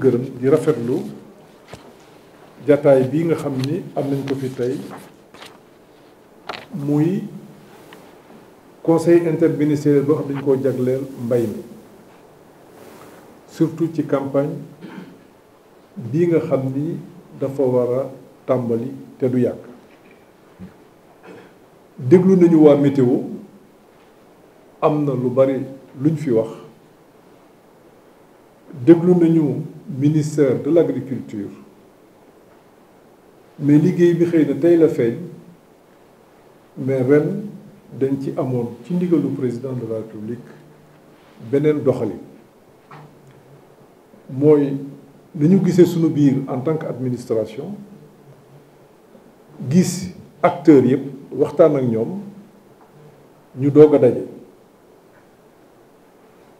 gërëm di rafetlu jataay bii nga xam ni am nañ ko fi tey muy conseil interministériel boo xam dañ koo jagleel mbay mi surtout ci campagne bi nga xam ni dafa war a tàmbali te du yàgg déglu nañu waa météo am na lu bari luñ fi wax déglu nañu ministère de l'agriculture mais liggéey bi xëy na tey la feeñ mais ren dañ ci amoon ci ndigalu président de la république beneen doxalin mooy li ñu gisee sunu biir en tant que administration gis acteurs yëpp waxtaan ak ñoom ñu doog a daje.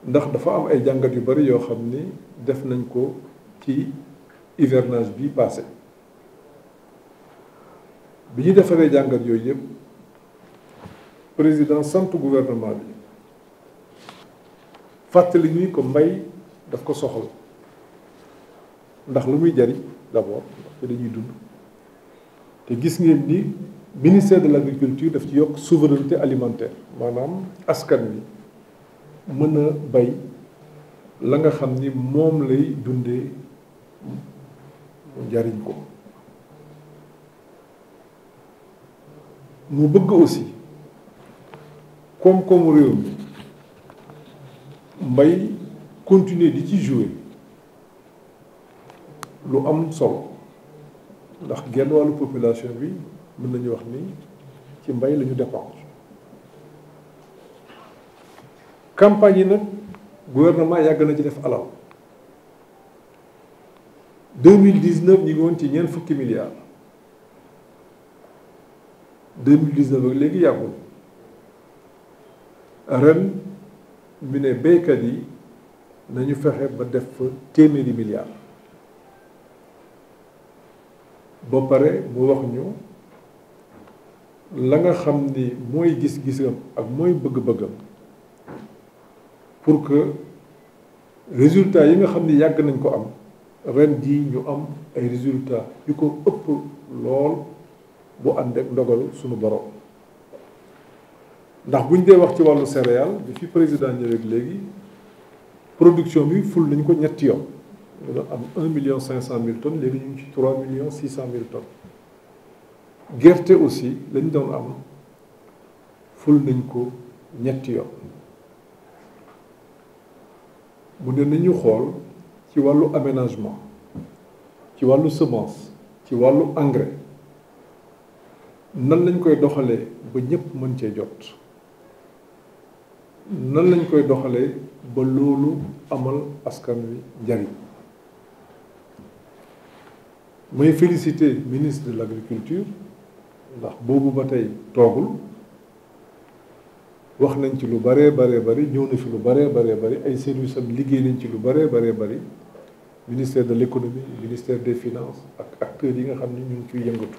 ndax dafa am ay jàngat yu bari yoo xam ni def nañ ko ci hivernage bi passé bi ñu defaree jàngat yooyu yëpp président sant gouvernement bi fàttali ñuy ko mbay daf ko soxal ndax lu muy jariñ d'abord te dañuy dund te gis ngeen ni ministère de l'agriculture daf ci yokk souveraineté alimentaire maanaam askan wi mën a bay la nga xam ni moom lay dundee mu jariñ ko mu bëgg aussi koom-koomu réew mi mbay continuer di ci jouer lu am solo ndax genn wàllu population bi mën nañu wax ni ci mbay lañu ñu campagne yi nag gouvernement yàgg na ci def alal 2019 ñu ngi woon ci ñeent fukki milliards 2019 ak léegi yàggul ren mu ne béykat yi nañu fexe ba def fa téeméeri milliards ba pare mu wax ñu la nga xam ni mooy gis-gisam ak mooy bëgg-bëggam pour que résultats yi nga xam ni yàgg nañ ko am ren ji ñu am ay résultats yu ko ëpp lool bu ànd ak ndogal suñu borom ndax buñ dee wax ci wàllu céréale bi fi président ñëweeg léegi production bi ful nañ ko ñetti yoon ñu am un million cinq cent mille tonnes léegi ñu ngi ci trois millions six cent mille tonnes gerte aussi lañ doon am ful nañ ko ñetti yoon mu de nañu xool ci wàllu aménagement ci wàllu semence ci wàllu engrais nan lañ koy doxalee ba ñëpp mën cee jot nan lañ koy doxalee ba loolu amal askan wi njariñ mooy féliciter ministre de l'agriculture ndax boobu ba tey toogul wax nañ ci lu bëree bëree bari ñëw na fi lu bëree bëree bari ay services am liggéey nañ ci lu bëree bëree bëri ministère de l' économie ministère des finance ak acteurs yi nga xam ni ñu ngi ciy yëngatu.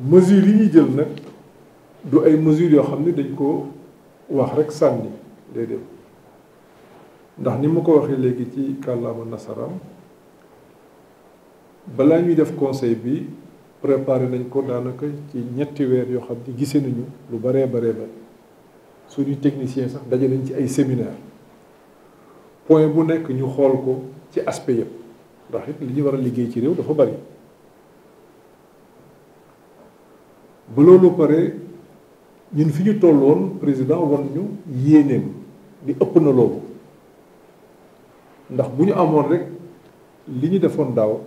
mesures yi jël nag du ay mesures yoo xam ne dañ ko wax rek sànni day dem ndax ni ma ko waxee léegi ci kàllaama nasaraam balaa ñuy def conseil bi. préparé nañ ko daanaka ci ñetti weer yoo xam ne gisee nañu lu baree baree ba suñuy technicien sax daje nañ ci ay séminaire point bu nekk ñu xool ko ci aspect yëpp ndax it li ñu war a liggéey ci réew dafa bari ba loolu pare ñun fi ñu tolloon président wan ñu yéeneem li ëpp na loolu ndax bu ñu amoon rek li ñu defoon daaw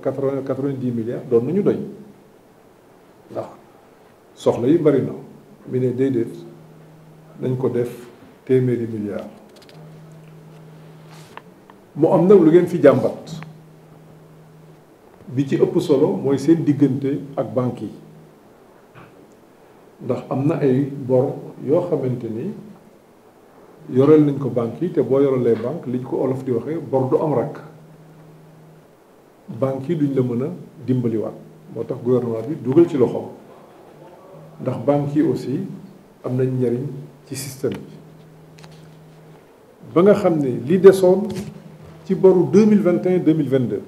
quatre-vingt quatre-vingt-dix milliards doon nañu doy ndax soxla yi bari na mu ne déedéet nañ ko def téeméeri milliards mu am nag lu ngeen fi jàmbat bi ci ëpp solo mooy seen diggante ak banques yi ndax am na ay bor yoo xamante ni yoreel nañ ko banques yi te boo yorelee banque liñ ko olof di waxee bor du am rakk banques yi duñ la mën a dimbaliwaat moo tax gouvernement bi dugal ci loxoom ndax banques yi aussi am nañ njariñ ci système bi ba nga xam ne li desoon ci boru deux mille vingt et un deux mille vingt deux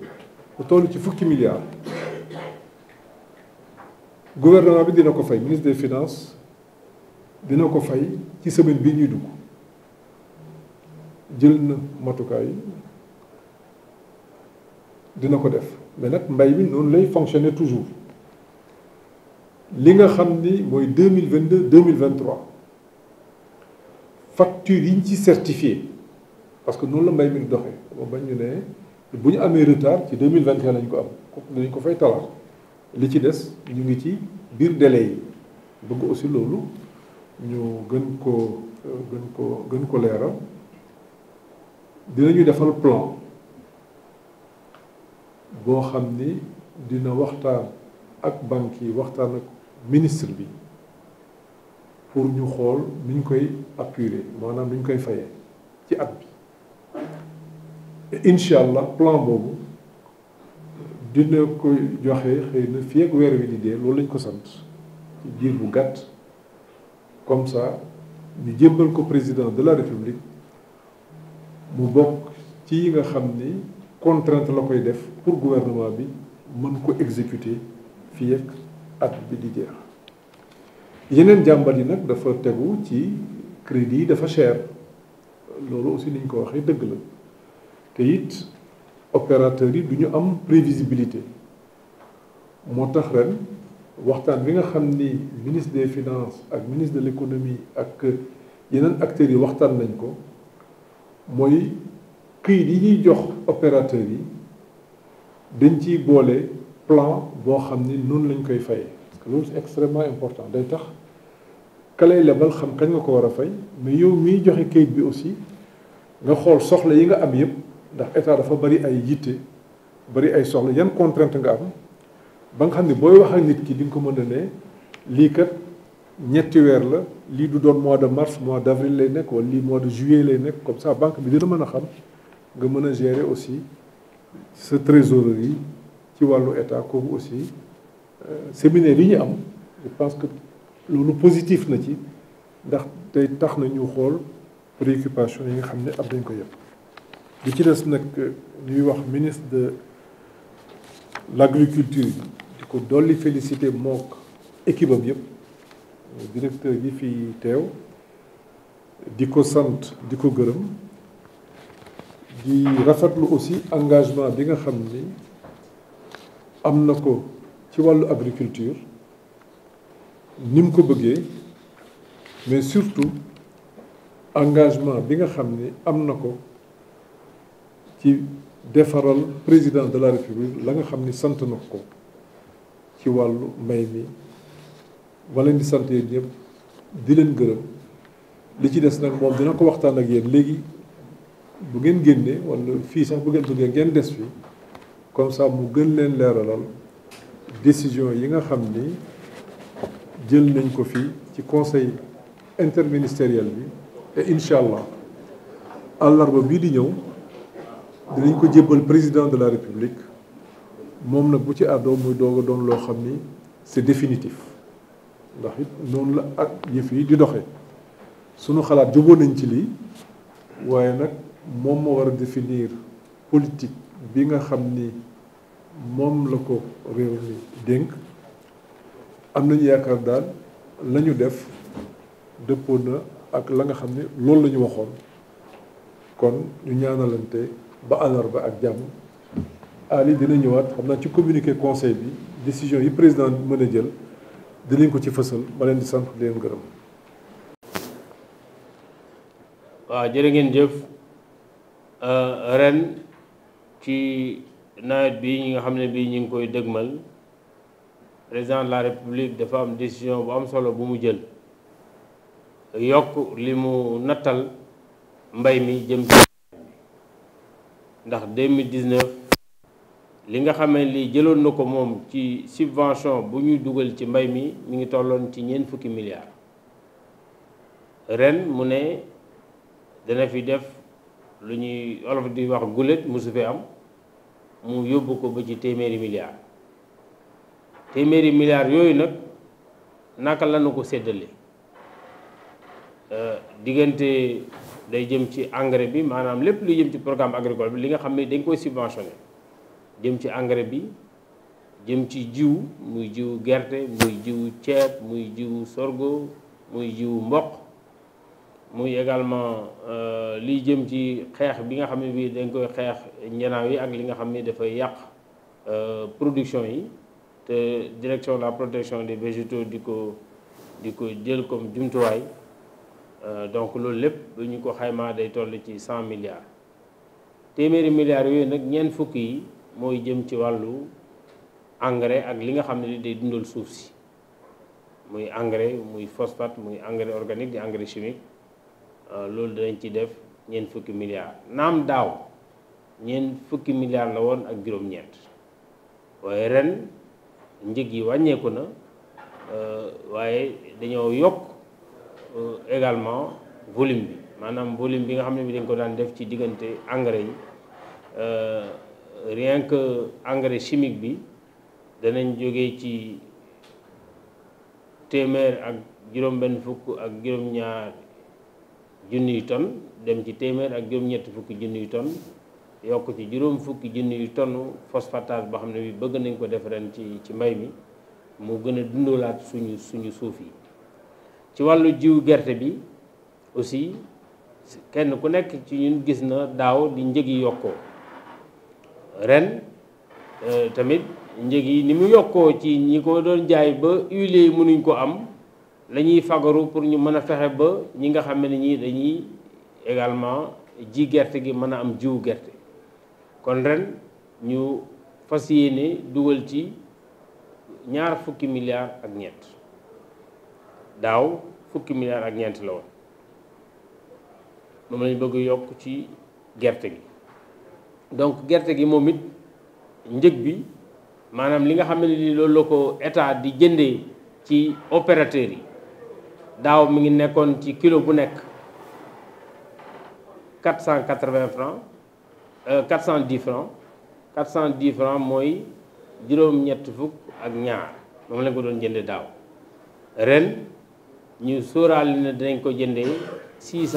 bu toll ci fukki milliards gouvernement bi dina ko fay ministre de finance dina ko fay ci semaine bii ñuy dugg jël na matukaay dina ko def mais nag mbay mi noonu lay fonctionner toujours li nga xam ni mooy deux mille vingt deux deux mille vingt trois facture yi ñu ci certifié parce que noonu la mbay mi di doxee moom bañ ñu nee bu ñu amee retard ci deux mille vingt et un ko am dinañ ko fay talaat li ci des ñu ngi ci biir délai yi bëgg aussi loolu ñu gën ko gën ko gën ko leeral dinañu defal plan. boo xam ni dina waxtaan ak banque yi waxtaan ak ministre bi pour ñu xool nu ñu koy appuyer maanaam nu ñu koy fayee ci at bi incha allah plan boobu dina koy joxe xëy na fii ak weer wi di dee loolu lañ ko sant ci diir bu gàtt comme ça ñu jëmbal ko président de la république mu bokk ci yi nga xam ni contrainte la koy def pour gouvernement bi mën ko exécuter fii ak at bi di jeex yeneen jàmbal yi nag dafa tegu ci crédit yi dafa cher loolu aussi ni ko waxee dëgg la te it opérateurs yi du ñu am prévisibilité moo tax ren waxtaan bi nga xam ni ministre des finances ak ministre de l'économie ak yeneen acteurs yi waxtaan nañ ko mooy këyit yi ñuy jox opérateur yi dañ ci boole plan boo xam ni noonu lañ koy fayee parce que loolu c'est extrêmement important day tax ka lay lebal xam kañ nga ko war a fay mais yow miy joxe këyit bi aussi nga xool soxla yi nga am yëpp ndax état dafa bari ay yitte bari ay soxla yan contrainte nga am ba nga xam ni booy wax ak nit ki di nga ko mën a ne lii kat ñetti weer la lii du doon mois de mars mois d'avril lay nekk wala lii mois de juillet lay nekk comme ça banque bi dina mën a xam nga mën a gérer aussi sa yi ci wàllu état kooku aussi euh, séminaire yi ñu am je pense que loolu positif na ci ndax tey tax na ñu xool préoccupation yi nga xam ne ab dañ ko yëpp li ci des nag euh, ñuy wax ministre de l'agriculture di ko dolli félicité mook équipe am yëpp directeur yi fi teew di ko sant di ko gërëm di rafetlu aussi engagement bi nga xam ni am na ko ci wàllu agriculture ni mu ko bëggee mais surtout engagement bi nga xam ni am na ko ci defaral président de la république la nga xam ni sant na ko ci wàllu mbay mi walla leen di sant yéen ñëpp di leen gërëm li ci des nag moom dina ko waxtaan ak yéen léegi. bu ngeen génnee wala fii sax bu ngeen bëggee ngeen des fii comme sax mu gën leen leeralal décision yi nga xam ni jël nañ ko fii ci conseil interministériel bi et incha allah àllarba bii di ñëw dinañ ko jébbal président de la république moom nag bu ci àddoo muy doog doon loo xam ni c'est définitif ndaxit it noonu la ak yëf yi di doxe sunu xalaat juboo nañ ci lii waaye nag moom moo war a définir politique bi nga xam ni moom la ko réew mi dénk am nañu yaakaar daal lañu def dëppoon na ak la nga xam ni loolu la ñu waxoon kon ñu ñaanalante ba ba ak jàmm Ali dina ñëwaat xam naa ci communiqué conseil bi décision yi président mën a jël dinañ ko ci fasal ma leen di sant di leen gërëm. waaw jërë ngeen jëf. Euh, ren ci nawet bi ñi nga xam ne bii ñu ngi koy dëgmal président la république dafa am décision bu am solo bu mu jël yokk li mu nattal mbay mi jëm ci ndax 2019 li nga xam ne lii jëloon na ko moom ci subvention bu ñuy dugal ci mbay mi mi ngi tolloon ci ñeent fukki milliards ren mu ne dana fi def lu ñuy olof di wax gulet mosu fee am mu yóbbu ko ba ci téeméeri milliards téeméeri milliards yooyu nag naka la ñu ko séddale euh, diggante day jëm ci engrais bi maanaam lépp lu jëm ci programme agricole bi li nga xam ne dañ koy subventionné jëm ci engrais bi jëm ci jiw muy jiw gerte muy jiw ceeb muy jiw sorgo muy jiw mboq muy également euh, li jëm ci xeex bi nga xam ne bii dañ koy xeex njanaaw yi ak li nga xam ne dafay yàq euh, production yi te direction la protection des végétaux di ko di ko jël comme jumtuwaay euh, donc loolu lépp ñu ko xaymaa day toll ci cent milliards téeméeri milliards yooyu nag ñeent fukk yi mooy jëm ci wàllu engrais ak li nga xam ne li day dundal suuf si muy engrais muy phosphate muy engrais organique di engrais chimique Euh, loolu dinañ ci def ñeent fukki milliards naam daaw ñeent fukki milliards la woon ak juróom-ñeent waaye ren njëg yi wàññeeku na euh, waaye dañoo yokk euh, également volume bi maanaam volume bi nga xam ne bi dañ ko daan def ci diggante engrais yi rien engrais chimique bi danañ jóge ci téeméer ak juróom-benn fukk ak juróom-ñaar. junniy ton dem ci téeméer ak juróom-ñetti fukki junniy ton yokk ci juróom fukki junniy tonnes phosphatage boo xam ne bi bëgg nañ ko def ci ci mbay mi moo gën a dundalaat suñu suñu suuf yi ci wàllu jiw gerte bi aussi kenn ku nekk ci ñun gis na daaw di njëg yi yokkoo ren euh, tamit njëg yi ni mu yokkoo ci ñi ko doon jaay ba huile yi mënuñ ko am lañuy fagaru pour ñu mën a fexe ba ñi nga xam ne ñii dañuy également ji gerte gi mën a am jiwu gerte kon ren ñu fas yéene dugal ci ñaar fukki milliards ak ñeent daaw fukki milliards ak ñeent la woon moom lañ bëgg yokk ci gerte gi donc gerte gi moom it njëg bi maanaam li nga xam ne ni loolu la ko état di jëndee ci opérateur yi daaw mu ngi nekkoon ci kilo bu nekk quatre cent quatre-vingts francs euh, quatre cent dix francs quatre cent dix francs mooy juróom-ñett fukk ak ñaar moom lañ ko doon jënde daaw ren ñu sóoraale ne dinañ ko jëndee six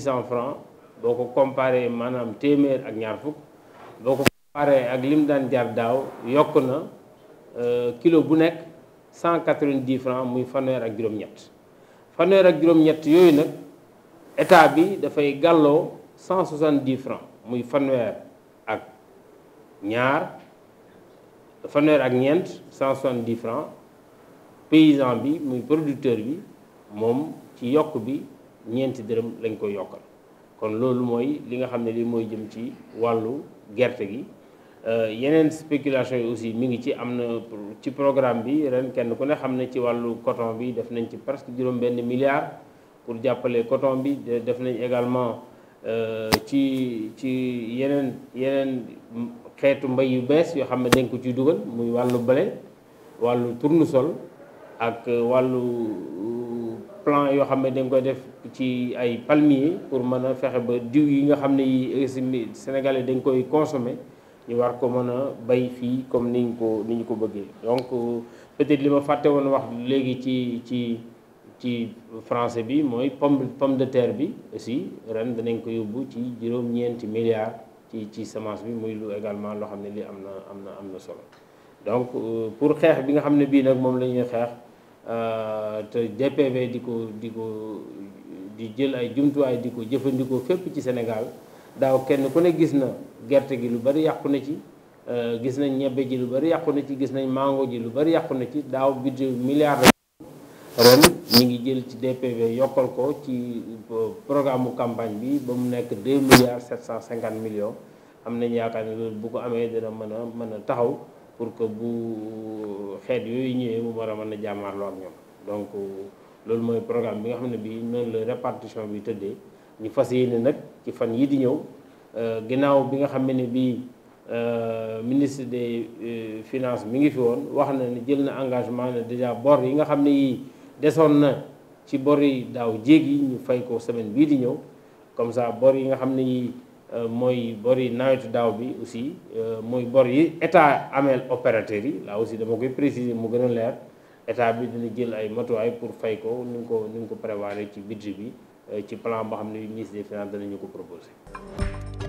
cent francs boo ko comparé maanaam téeméer ak ñaar fukk boo ko comparé ak lim daan jar daaw yokk na euh, kilo bu nekk cent 190 francs muy fanweer ak juróom-ñett fanweer ak juróom-ñett yooyu nag état bi dafay gàlloo 170 francs muy fanweer ak ñaar fanweer ak ñeent 170 francs paysan bi muy producteur bi moom ci yokk bi ñeenti dërëm lañ koy yokkal kon loolu mooy li nga xam ne li mooy jëm ci wàllu gerte gi Euh, yeneen spéculation yi aussi mi ngi ci am na ci programme bi ren kenn ku ne xam ne ci wàllu coton bi def nañ ci presque juróom benn milliard pour jàppale coton bi def nañ également euh, ci ci yeneen yeneen xeetu mbay yu bees yoo xam ne dañ ko ciy dugal muy wàllu blé wàllu tournesol ak wàllu plan yoo xam ne dañ koy def ci ay palmier pour mën a fexe ba diw yi nga xam ne yi Sénégalais dañ koy consommer ñu war ko mën a bay fii comme ni ñu ko ni ñu ko bëggee donc peut-être li ma fàtte woon wax léegi ci ci ci français bi mooy pomme pomme de terre bi aussi ren danañ ko yóbbu ci juróom-ñeenti milliards ci ci semence bi muy lu également loo xam ne li am na am na am na solo donc euh, pour xeex bi nga xam ne bii nag moom la ñuy xeex euh, te DPV di ko di ko di jël ay jumtuwaay di ko jëfandikoo fépp ci Sénégal daaw kenn ku ne gis na gerte gi lu bari yàqu na ci euh, gis nañ ñebbe ji lu bari yàqu na ci gis nañ mango ji lu bari yàqu na ci daaw budget milliard ren ñu ngi jël ci DPV yokkal ko ci euh, programme campagne bi ba mu nekk 2 milliards 750 million am nañ yaakaar ne loolu bu ko amee dina mën a mën a taxaw pour que bu euh, xeet yooyu ñëwee mu war a mën a jàmmaarloo ak ñoom donc loolu mooy programme bi nga xam ne bi noonu la répartition bi tëddee ñu fas yéene nag ci fan yi di ñëw Euh, ginnaaw bi nga xam ne bii euh, ministre des euh, finance mi ngi fi woon wax na ne jël na engagement ne déjà bor yi nga xam ne yii desoon na ci bor yi daaw jéeg yi ñu fay ko semaine bii di ñëw comme sax bor yi nga xam ne yii mooy bor yi nawetu daaw bi aussi mooy bor yi état ameel opérateur yi laa aussi dama koy préciser mu gën a leer état bi dina jël ay matuwaay pour fay ko ni nga ko ni nga ko prévoir ci budget bi ci plan boo xam ne ministre de finances danañu ko proposé.